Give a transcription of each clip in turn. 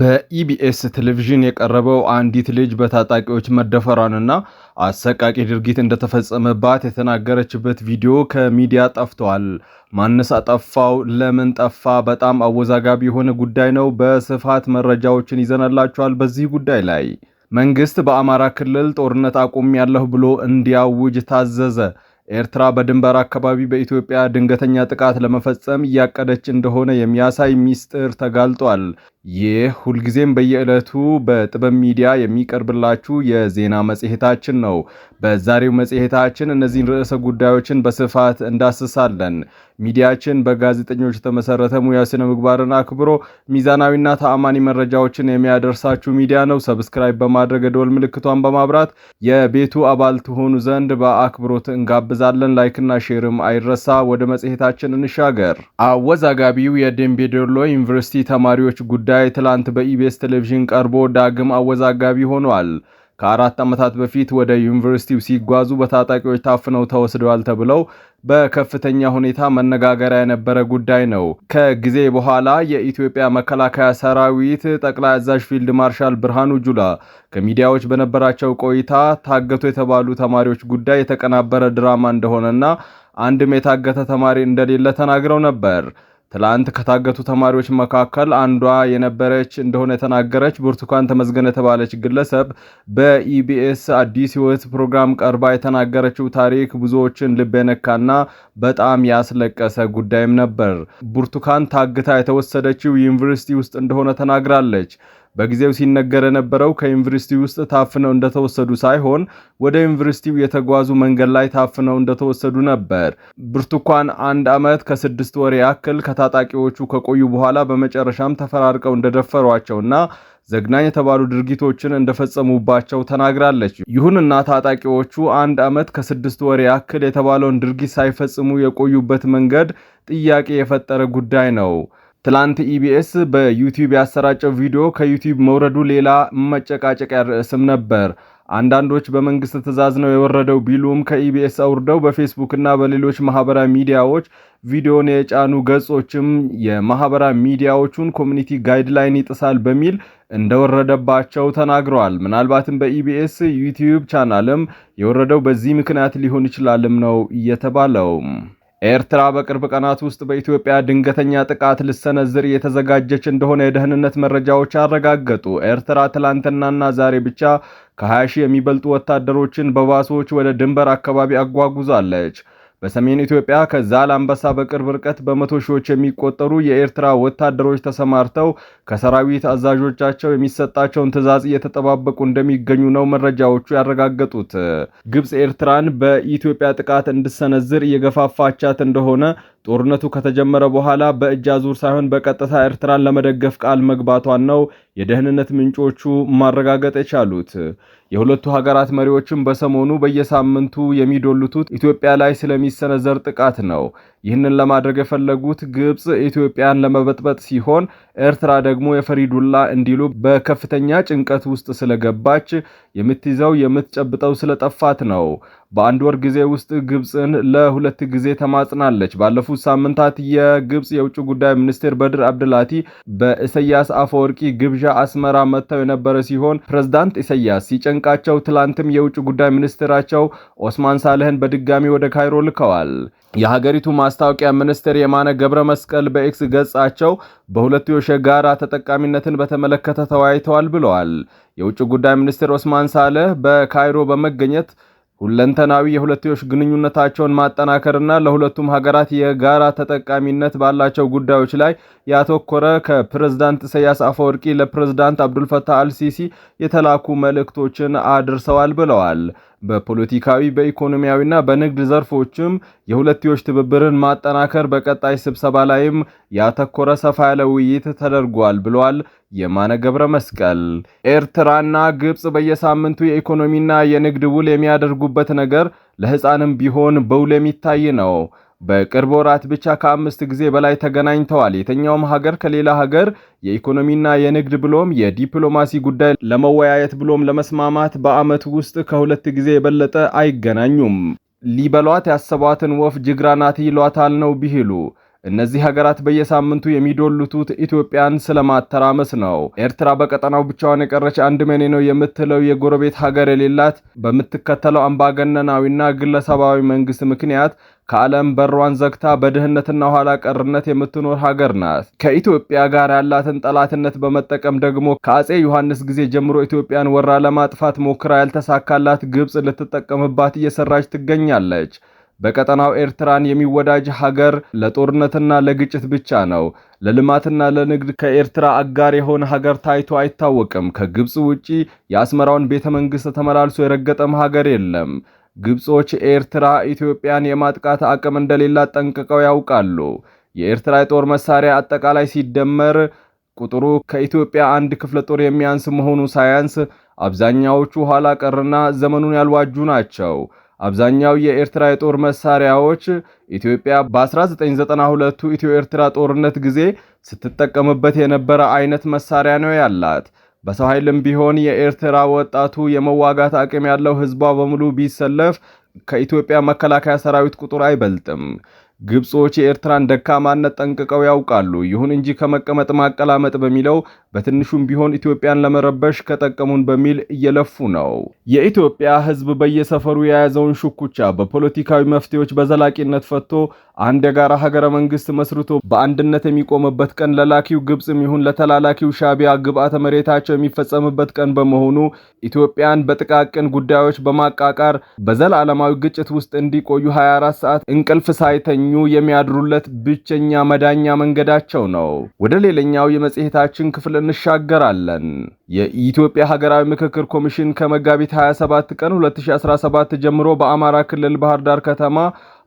በኢቢኤስ ቴሌቪዥን የቀረበው አንዲት ልጅ በታጣቂዎች መደፈሯንና አሰቃቂ ድርጊት እንደተፈጸመባት የተናገረችበት ቪዲዮ ከሚዲያ ጠፍቷል። ማንስ አጠፋው? ለምን ጠፋ? በጣም አወዛጋቢ የሆነ ጉዳይ ነው። በስፋት መረጃዎችን ይዘናላችኋል። በዚህ ጉዳይ ላይ መንግስት በአማራ ክልል ጦርነት ያለሁ ብሎ እንዲያውጅ ታዘዘ። ኤርትራ በድንበር አካባቢ በኢትዮጵያ ድንገተኛ ጥቃት ለመፈጸም እያቀደች እንደሆነ የሚያሳይ ሚስጥር ተጋልጧል። ይህ ሁልጊዜም በየዕለቱ በጥበብ ሚዲያ የሚቀርብላችሁ የዜና መጽሔታችን ነው። በዛሬው መጽሔታችን እነዚህን ርዕሰ ጉዳዮችን በስፋት እንዳስሳለን። ሚዲያችን በጋዜጠኞች የተመሰረተ ሙያ ስነ ምግባርን አክብሮ ሚዛናዊና ተአማኒ መረጃዎችን የሚያደርሳችሁ ሚዲያ ነው። ሰብስክራይብ በማድረግ የደወል ምልክቷን በማብራት የቤቱ አባል ትሆኑ ዘንድ በአክብሮት እንጋብዛለን። ላይክና ሼርም አይረሳ። ወደ መጽሔታችን እንሻገር። አወዛጋቢው የደምቢ ዩኒቨርሲቲ ተማሪዎች ጉዳይ ጉዳይ ትላንት በኢቢኤስ ቴሌቪዥን ቀርቦ ዳግም አወዛጋቢ ሆኗል። ከአራት ዓመታት በፊት ወደ ዩኒቨርሲቲው ሲጓዙ በታጣቂዎች ታፍነው ተወስደዋል ተብለው በከፍተኛ ሁኔታ መነጋገሪያ የነበረ ጉዳይ ነው። ከጊዜ በኋላ የኢትዮጵያ መከላከያ ሰራዊት ጠቅላይ አዛዥ ፊልድ ማርሻል ብርሃኑ ጁላ ከሚዲያዎች በነበራቸው ቆይታ ታገቱ የተባሉ ተማሪዎች ጉዳይ የተቀናበረ ድራማ እንደሆነና አንድም የታገተ ተማሪ እንደሌለ ተናግረው ነበር። ትላንት ከታገቱ ተማሪዎች መካከል አንዷ የነበረች እንደሆነ የተናገረች ብርቱካን ተመዝገነ የተባለች ግለሰብ በኢቢኤስ አዲስ ሕይወት ፕሮግራም ቀርባ የተናገረችው ታሪክ ብዙዎችን ልብ የነካና በጣም ያስለቀሰ ጉዳይም ነበር። ብርቱካን ታግታ የተወሰደችው ዩኒቨርሲቲ ውስጥ እንደሆነ ተናግራለች። በጊዜው ሲነገር የነበረው ከዩኒቨርሲቲ ውስጥ ታፍነው እንደተወሰዱ ሳይሆን ወደ ዩኒቨርሲቲው የተጓዙ መንገድ ላይ ታፍነው እንደተወሰዱ ነበር። ብርቱካን አንድ ዓመት ከስድስት ወር ያክል ከታጣቂዎቹ ከቆዩ በኋላ በመጨረሻም ተፈራርቀው እንደደፈሯቸውና ዘግናኝ የተባሉ ድርጊቶችን እንደፈጸሙባቸው ተናግራለች። ይሁንና ታጣቂዎቹ አንድ ዓመት ከስድስት ወር ያክል የተባለውን ድርጊት ሳይፈጽሙ የቆዩበት መንገድ ጥያቄ የፈጠረ ጉዳይ ነው። ትላንት ኢቢኤስ e በዩቲዩብ ያሰራጨው ቪዲዮ ከዩቲዩብ መውረዱ ሌላ መጨቃጨቂያ ርዕስም ነበር። አንዳንዶች በመንግስት ትዕዛዝ ነው የወረደው ቢሉም ከኢቢኤስ አውርደው በፌስቡክ እና በሌሎች ማህበራዊ ሚዲያዎች ቪዲዮን የጫኑ ገጾችም የማህበራዊ ሚዲያዎቹን ኮሚኒቲ ጋይድላይን ይጥሳል በሚል እንደወረደባቸው ተናግረዋል። ምናልባትም በኢቢኤስ ዩቲዩብ ቻናልም የወረደው በዚህ ምክንያት ሊሆን ይችላልም ነው እየተባለው ኤርትራ በቅርብ ቀናት ውስጥ በኢትዮጵያ ድንገተኛ ጥቃት ልሰነዝር የተዘጋጀች እንደሆነ የደህንነት መረጃዎች አረጋገጡ። ኤርትራ ትላንትናና ዛሬ ብቻ ከ20 ሺህ የሚበልጡ ወታደሮችን በባሶች ወደ ድንበር አካባቢ አጓጉዛለች። በሰሜን ኢትዮጵያ ከዛላምበሳ በቅርብ ርቀት በመቶ ሺዎች የሚቆጠሩ የኤርትራ ወታደሮች ተሰማርተው ከሰራዊት አዛዦቻቸው የሚሰጣቸውን ትዕዛዝ እየተጠባበቁ እንደሚገኙ ነው መረጃዎቹ ያረጋገጡት። ግብፅ ኤርትራን በኢትዮጵያ ጥቃት እንድሰነዝር እየገፋፋቻት እንደሆነ ጦርነቱ ከተጀመረ በኋላ በእጅ አዙር ሳይሆን በቀጥታ ኤርትራን ለመደገፍ ቃል መግባቷን ነው የደህንነት ምንጮቹ ማረጋገጥ የቻሉት። የሁለቱ ሀገራት መሪዎችም በሰሞኑ በየሳምንቱ የሚዶሉቱት ኢትዮጵያ ላይ ስለሚሰነዘር ጥቃት ነው። ይህንን ለማድረግ የፈለጉት ግብፅ ኢትዮጵያን ለመበጥበጥ ሲሆን፣ ኤርትራ ደግሞ የፈሪዱላ እንዲሉ በከፍተኛ ጭንቀት ውስጥ ስለገባች የምትይዘው የምትጨብጠው ስለጠፋት ነው። በአንድ ወር ጊዜ ውስጥ ግብፅን ለሁለት ጊዜ ተማጽናለች። ባለፉት ሳምንታት የግብፅ የውጭ ጉዳይ ሚኒስትር በድር አብድላቲ በኢሳያስ አፈወርቂ ግብዣ አስመራ መጥተው የነበረ ሲሆን ፕሬዝዳንት ኢሳያስ ሲጨንቃቸው ትላንትም የውጭ ጉዳይ ሚኒስትራቸው ኦስማን ሳልህን በድጋሚ ወደ ካይሮ ልከዋል። የሀገሪቱ ማስታወቂያ ሚኒስትር የማነ ገብረ መስቀል በኤክስ ገጻቸው በሁለትዮሽ ጋራ ተጠቃሚነትን በተመለከተ ተወያይተዋል ብለዋል። የውጭ ጉዳይ ሚኒስትር ኦስማን ሳልህ በካይሮ በመገኘት ሁለንተናዊ የሁለትዮሽ ግንኙነታቸውን ማጠናከርና ለሁለቱም ሀገራት የጋራ ተጠቃሚነት ባላቸው ጉዳዮች ላይ ያተኮረ ከፕሬዝዳንት ኢሳያስ አፈወርቂ ለፕሬዝዳንት አብዱልፈታህ አልሲሲ የተላኩ መልእክቶችን አድርሰዋል ብለዋል። በፖለቲካዊ በኢኮኖሚያዊና በንግድ ዘርፎችም የሁለትዮሽ ትብብርን ማጠናከር በቀጣይ ስብሰባ ላይም ያተኮረ ሰፋ ያለ ውይይት ተደርጓል ብለዋል የማነ ገብረ መስቀል። ኤርትራና ግብፅ በየሳምንቱ የኢኮኖሚና የንግድ ውል የሚያደርጉበት ነገር ለሕፃንም ቢሆን በውል የሚታይ ነው። በቅርብ ወራት ብቻ ከአምስት ጊዜ በላይ ተገናኝተዋል። የትኛውም ሀገር ከሌላ ሀገር የኢኮኖሚና የንግድ ብሎም የዲፕሎማሲ ጉዳይ ለመወያየት ብሎም ለመስማማት በዓመት ውስጥ ከሁለት ጊዜ የበለጠ አይገናኙም። ሊበሏት ያሰቧትን ወፍ ጅግራ ናት ይሏታል ነው ቢሂሉ። እነዚህ ሀገራት በየሳምንቱ የሚዶሉቱት ኢትዮጵያን ስለማተራመስ ነው። ኤርትራ በቀጠናው ብቻዋን የቀረች አንድ መኔ ነው የምትለው የጎረቤት ሀገር የሌላት በምትከተለው አምባገነናዊና ግለሰባዊ መንግስት ምክንያት ከዓለም በሯን ዘግታ በድህነትና ኋላ ቀርነት የምትኖር ሀገር ናት። ከኢትዮጵያ ጋር ያላትን ጠላትነት በመጠቀም ደግሞ ከአፄ ዮሐንስ ጊዜ ጀምሮ ኢትዮጵያን ወራ ለማጥፋት ሞክራ ያልተሳካላት ግብፅ ልትጠቀምባት እየሰራች ትገኛለች። በቀጠናው ኤርትራን የሚወዳጅ ሀገር ለጦርነትና ለግጭት ብቻ ነው። ለልማትና ለንግድ ከኤርትራ አጋር የሆነ ሀገር ታይቶ አይታወቅም። ከግብፅ ውጪ የአስመራውን ቤተ መንግሥት ተመላልሶ የረገጠም ሀገር የለም። ግብጾች ኤርትራ ኢትዮጵያን የማጥቃት አቅም እንደሌላት ጠንቅቀው ያውቃሉ። የኤርትራ የጦር መሳሪያ አጠቃላይ ሲደመር ቁጥሩ ከኢትዮጵያ አንድ ክፍለ ጦር የሚያንስ መሆኑ ሳያንስ አብዛኛዎቹ ኋላ ቀርና ዘመኑን ያልዋጁ ናቸው። አብዛኛው የኤርትራ የጦር መሳሪያዎች ኢትዮጵያ በ1992ቱ ኢትዮ ኤርትራ ጦርነት ጊዜ ስትጠቀምበት የነበረ አይነት መሳሪያ ነው ያላት። በሰው ኃይልም ቢሆን የኤርትራ ወጣቱ የመዋጋት አቅም ያለው ህዝቧ በሙሉ ቢሰለፍ ከኢትዮጵያ መከላከያ ሰራዊት ቁጥር አይበልጥም። ግብጾች የኤርትራን ደካማነት ጠንቅቀው ያውቃሉ። ይሁን እንጂ ከመቀመጥ ማቀላመጥ በሚለው በትንሹም ቢሆን ኢትዮጵያን ለመረበሽ ከጠቀሙን በሚል እየለፉ ነው። የኢትዮጵያ ህዝብ በየሰፈሩ የያዘውን ሽኩቻ በፖለቲካዊ መፍትሄዎች በዘላቂነት ፈቶ አንድ የጋራ ሀገረ መንግስት መስርቶ በአንድነት የሚቆምበት ቀን ለላኪው ግብጽ ይሁን ለተላላኪው ሻቢያ ግብአተ መሬታቸው የሚፈጸምበት ቀን በመሆኑ ኢትዮጵያን በጥቃቅን ጉዳዮች በማቃቃር በዘላለማዊ ግጭት ውስጥ እንዲቆዩ 24 ሰዓት እንቅልፍ ሳይተኙ የሚያድሩለት ብቸኛ መዳኛ መንገዳቸው ነው። ወደ ሌላኛው የመጽሔታችን ክፍል እንሻገራለን። የኢትዮጵያ ሀገራዊ ምክክር ኮሚሽን ከመጋቢት 27 ቀን 2017 ጀምሮ በአማራ ክልል ባህር ዳር ከተማ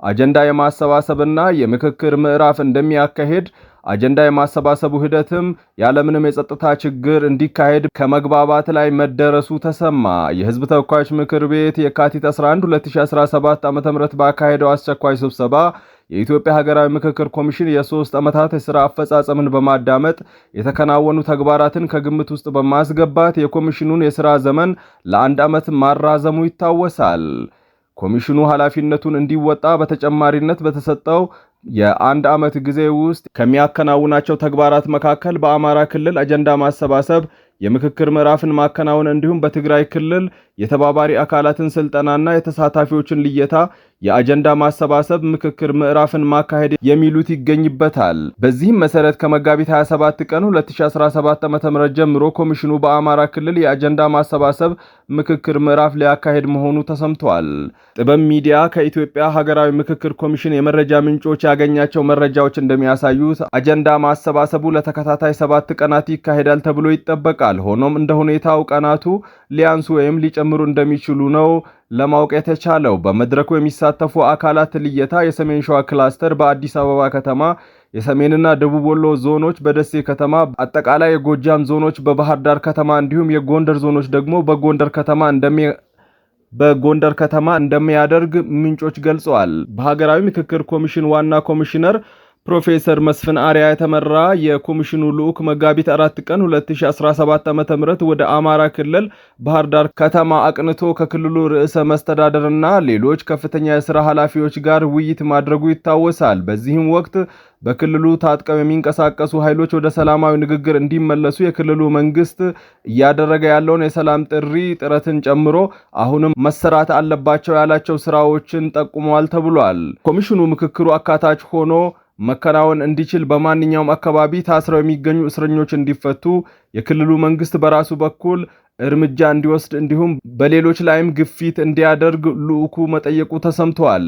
አጀንዳ የማሰባሰብና የምክክር ምዕራፍ እንደሚያካሄድ አጀንዳ የማሰባሰቡ ሂደትም ያለምንም የጸጥታ ችግር እንዲካሄድ ከመግባባት ላይ መደረሱ ተሰማ። የሕዝብ ተወካዮች ምክር ቤት የካቲት 11 2017 ዓ.ም ባካሄደው አስቸኳይ ስብሰባ የኢትዮጵያ ሀገራዊ ምክክር ኮሚሽን የሶስት ዓመታት የሥራ አፈጻጸምን በማዳመጥ የተከናወኑ ተግባራትን ከግምት ውስጥ በማስገባት የኮሚሽኑን የሥራ ዘመን ለአንድ ዓመት ማራዘሙ ይታወሳል። ኮሚሽኑ ኃላፊነቱን እንዲወጣ በተጨማሪነት በተሰጠው የአንድ ዓመት ጊዜ ውስጥ ከሚያከናውናቸው ተግባራት መካከል በአማራ ክልል አጀንዳ ማሰባሰብ፣ የምክክር ምዕራፍን ማከናወን እንዲሁም በትግራይ ክልል የተባባሪ አካላትን ስልጠናና የተሳታፊዎችን ልየታ የአጀንዳ ማሰባሰብ ምክክር ምዕራፍን ማካሄድ የሚሉት ይገኝበታል። በዚህም መሰረት ከመጋቢት 27 ቀን 2017 ዓ.ም ጀምሮ ኮሚሽኑ በአማራ ክልል የአጀንዳ ማሰባሰብ ምክክር ምዕራፍ ሊያካሄድ መሆኑ ተሰምቷል። ጥበብ ሚዲያ ከኢትዮጵያ ሀገራዊ ምክክር ኮሚሽን የመረጃ ምንጮች ያገኛቸው መረጃዎች እንደሚያሳዩት አጀንዳ ማሰባሰቡ ለተከታታይ ሰባት ቀናት ይካሄዳል ተብሎ ይጠበቃል። ሆኖም እንደ ሁኔታው ቀናቱ ሊያንሱ ወይም ሊጨምሩ እንደሚችሉ ነው ለማወቅ የተቻለው በመድረኩ የሚሳተፉ አካላት ልየታ የሰሜን ሸዋ ክላስተር በአዲስ አበባ ከተማ የሰሜንና ደቡብ ወሎ ዞኖች በደሴ ከተማ አጠቃላይ የጎጃም ዞኖች በባህር ዳር ከተማ እንዲሁም የጎንደር ዞኖች ደግሞ በጎንደር ከተማ እንደሚ በጎንደር ከተማ እንደሚያደርግ ምንጮች ገልጸዋል። በሀገራዊ ምክክር ኮሚሽን ዋና ኮሚሽነር ፕሮፌሰር መስፍን አሪያ የተመራ የኮሚሽኑ ልዑክ መጋቢት አራት ቀን 2017 ዓ ም ወደ አማራ ክልል ባህር ዳር ከተማ አቅንቶ ከክልሉ ርዕሰ መስተዳደርና ሌሎች ከፍተኛ የስራ ኃላፊዎች ጋር ውይይት ማድረጉ ይታወሳል። በዚህም ወቅት በክልሉ ታጥቀው የሚንቀሳቀሱ ኃይሎች ወደ ሰላማዊ ንግግር እንዲመለሱ የክልሉ መንግስት እያደረገ ያለውን የሰላም ጥሪ ጥረትን ጨምሮ አሁንም መሰራት አለባቸው ያላቸው ስራዎችን ጠቁመዋል ተብሏል። ኮሚሽኑ ምክክሩ አካታች ሆኖ መከናወን እንዲችል በማንኛውም አካባቢ ታስረው የሚገኙ እስረኞች እንዲፈቱ የክልሉ መንግስት በራሱ በኩል እርምጃ እንዲወስድ እንዲሁም በሌሎች ላይም ግፊት እንዲያደርግ ልዑኩ መጠየቁ ተሰምተዋል።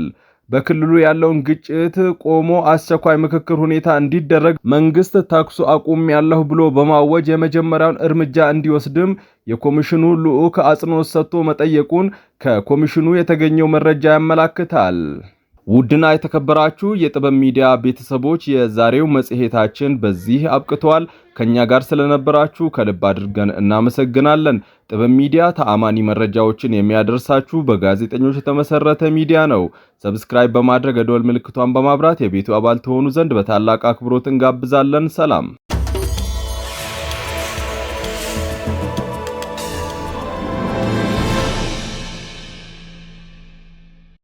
በክልሉ ያለውን ግጭት ቆሞ አስቸኳይ ምክክር ሁኔታ እንዲደረግ መንግስት ተኩስ አቁም ያለሁ ብሎ በማወጅ የመጀመሪያውን እርምጃ እንዲወስድም የኮሚሽኑ ልዑክ አጽንኦት ሰጥቶ መጠየቁን ከኮሚሽኑ የተገኘው መረጃ ያመላክታል። ውድና የተከበራችሁ የጥበብ ሚዲያ ቤተሰቦች የዛሬው መጽሔታችን በዚህ አብቅተዋል። ከእኛ ጋር ስለነበራችሁ ከልብ አድርገን እናመሰግናለን። ጥበብ ሚዲያ ተአማኒ መረጃዎችን የሚያደርሳችሁ በጋዜጠኞች የተመሰረተ ሚዲያ ነው። ሰብስክራይብ በማድረግ የደወል ምልክቷን በማብራት የቤቱ አባል ተሆኑ ዘንድ በታላቅ አክብሮት እንጋብዛለን። ሰላም